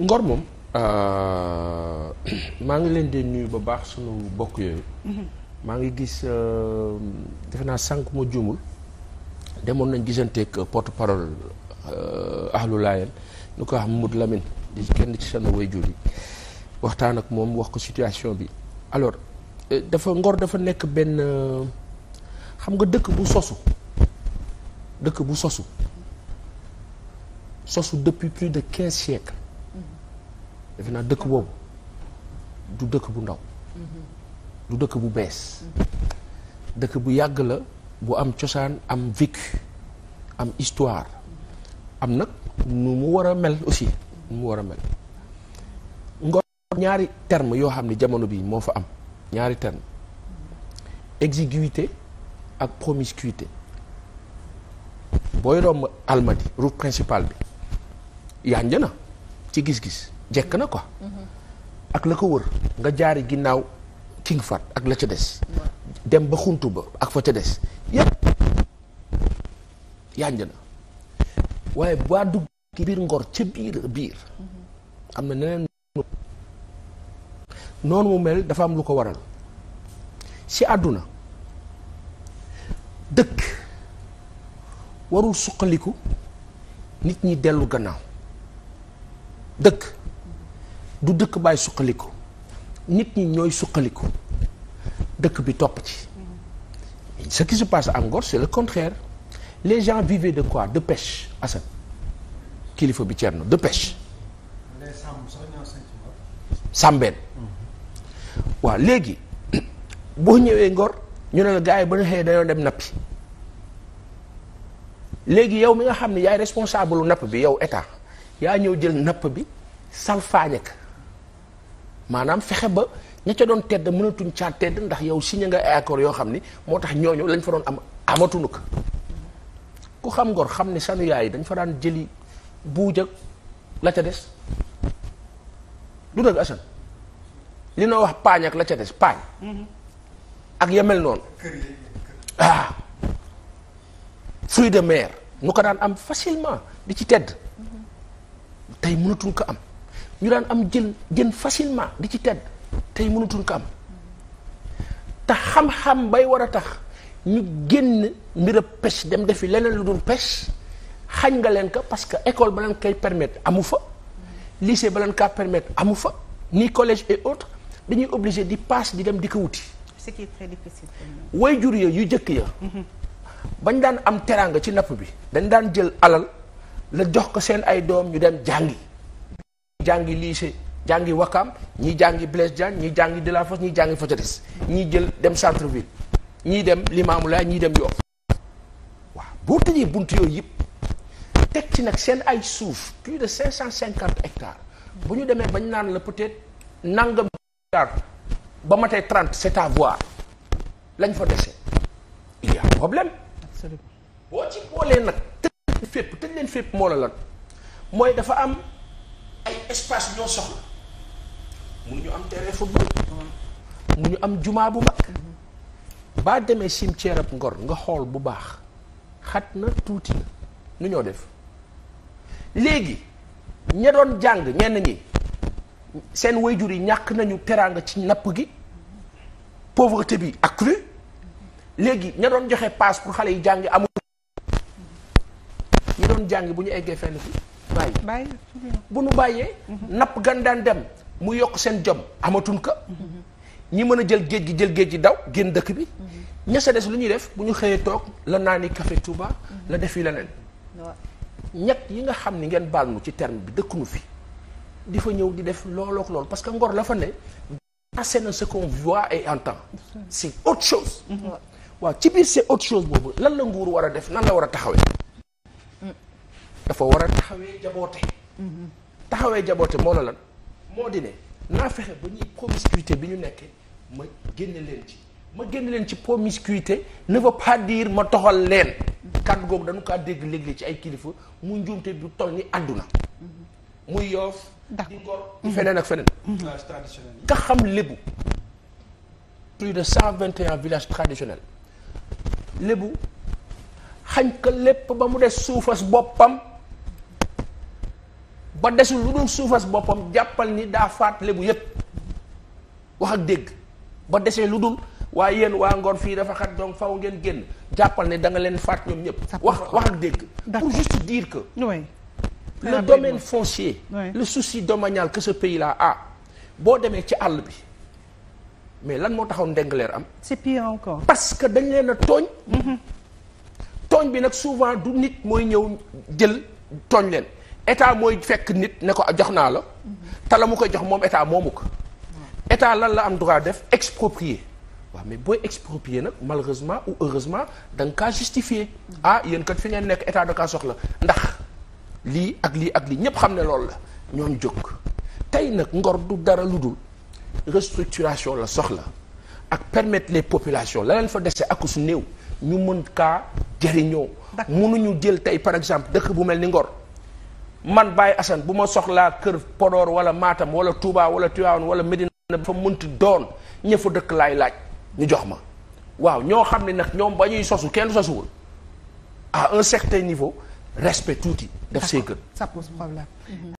ngor moom euh, maa ngi leen di nuyu ba baax sunu bokk yooyu mhm. maa ngi gis euh, defe naa sànq ma juumul demoon nañ gisanteeg porte parole euh, ahlu laayeen ñu ko wax Mamadou Lamine di kenn ci seen waajur yi waxtaan ak moom wax ko situation bi alors dafa ngor dafa nekk benn xam nga dëkk bu sosu dëkk bu sosu sosu depuis plus de quinze siècles defe naa dëkk boobu du dëkk bu ndaw du dëkk bu bees dëkk bu yàgg la bu am cosaan am vécu am histoire am nag nu mu war a mel aussi nu mu war a mel Ngor ñaari terme yoo xam ne jamono bi moo fa am ñaari terme exiguïté ak promiscuité booy romb almadi route principale bi yànja na ci gis-gis jekk na quoi. ak la ko wër nga jaari ginnaaw King Fahd ak la ca des. dem ba xuntu ba ak fa ca des yëpp yànj na waaye baa dugg ci biir ngor ca biir biir am na neneen noonu mu mel dafa am lu ko waral si àdduna dëkk warul suqaliku nit ñi dellu gannaaw dëkk du dëkk bàyyi suqaliku nit ñi ñooy suqaliku dëkk bi topp ci ce qui se passe en Ngor c'est le contraire les gens vivaient de quoi de pêche Assane kilifa bi Thierno de pêche. sàmbeen mhm. waaw léegi boo ñëwee Ngor ñu ne la gars ba na xëyee dañoo dem nappi léegi yow mi nga xam ne yaay responsable napp bi yow état yaa ñëw jël napp bi salfaañe ka maanaam fexe ba ña ca doon tedd mënatuñ caa tedd ndax yow si nga ay accord yoo xam ni moo tax ñooñu lañ fa doon am amatuñu ko ku xam ngor xam ni sanu yaay dañ fa daan jëli buuj ak la ca des du dëgg Assane li noo wax paañ ak la ca des paañ ak yemel noonu ah fruit de mer ñu ko daan am facilment di ci tedd tey mënatuñ ko am ñu daan am jën jën facilement di ci tedd tey mënatuñ ko am te xam-xam bay war a tax ñu génn mbirab pêche dem def defi leneen lu dul pêche xañ nga leen ko parce que école ba leen koy permettre amu fa lycée ba leen kaa permettre amu fa ni collège et dañuy obligé di paas di dem di ko wuti. ce qui est way jur ya yu jëkk ya. Mhm. bañ daan am teraanga ci napp bi. dañ daan jël alal la jox ko seen ay doom ñu dem jàngi. jàngi lycée jàngi Wakam ñii jàngi Blaise Diagne ñii jàngi Delafosse ñii jàngi des ñii jël dem centre ville ñii dem Limamoulaye ñii dem Yoff waaw boo tëjee bunt yooyu yëpp teg ci nag seen ay suuf plus de cinq cent cinquante hectares bu ñu demee bañ naan la peut-être nangam hectares ba matee trente c'est à voir lañ fa dese il y a problème boo ci boolee nag tëj leen fépp tëj moo la lan mooy dafa am espace bi ñoo soxla mënuñu am terrain football mënuñu am jumaa bu mag baa demee cimetière ab Ngor nga xool bu baax xat na tuuti na nu ñoo def léegi ña doon jàng ñenn ñi seen wayjur yi ñàkk nañu teraanga ci napp gi pauvreté bi accrue léegi ña doon joxe paas pour xale yi jàng amul ñi doon jàng bu ñu eggee fenn fii bàyyi bu nu bàyyee napp gan daan dem mu yokk seen jom amatuñ ko ñi mën a jël géej gi jël géej gi daw génn dëkk bi ña sa des lu ñuy def bu ñu xëyee toog la ni café Touba la def yi leneen ñett yi nga xam ni ngeen baal nu ci terme bi dëkkuñu fi di fa ñëw di def looloo lool parce que ngor la fa ne passé na ce qu'on voit et entend c'est autre chose mm-hmm. waaw ci biir c'est autre chose boobu lan la nguur war a def nan la war a taxawee dafa war a taxawee jaboote taxawee jaboote moo la lan moo di ne naa fexe ba ñuy promiscuité bi ñu nekkee ma génne leen ci ma génn leen ci promiscuité ne veut pas ma toxal leen kàddu googu dañu kaa dégg léeg-léeg ci ay kilifa mu njuumte du toll ni àdduna muy yoof di ngor di feneen ak feneen mhm. nga xam lébu plus de cent vingt et un villages traditionnels lébu xañ ko lépp ba mu des suufas boppam ba desul lu dul suufas boppam jàppal ni daa faat lebu yépp wax ak dégg ba desee lu dul waaye yenn waa ngoon fii dafa xat donc faw ngeen génn jàppal ne danga leen faat ñoom ñëpp wax wax ak dégg pour juste dire que oui. le ah, domaine foncier oui. le souci domanial que ce pays là boo demee ci àll bi mais lan moo taxaw ndengaleer am c'est pire encore parce que dañ leen a tooñ mm-hmm. tooñ bi nag souvent du nit mooy ñëw jël tooñ leen état mooy fekk nit ne ko jox naa la te la mu koy jox moom état moomu ko état lan la am droit def exproprier waaw mais booy exproprier nag malheureusement ou heureusement da nga kaa justifier ah yéen kat fi ngeen nekk état da kaa soxla ndax lii ak lii ak lii ñépp xam ne loolu la ñoom jóg tey nag ngor du dara lu dul restructuration la soxla ak permettre les populations la leen fa dese ak su néew ñu mën kaa jëriñoo mënuñu jël tey par exemple dëkk bu mel ni ngor man Baye Assane bu ma soxlaa kër Podor wala Matam wala Touba wala Tivaouane wala Medina dafa mënti doon ña fa dëkk laay laaj ñu jox ma waaw ñoo xam ne nag ñoom ba ñuy sosu kenn sosuwul à un certain niveau respect tuuti daf see gën. ça pose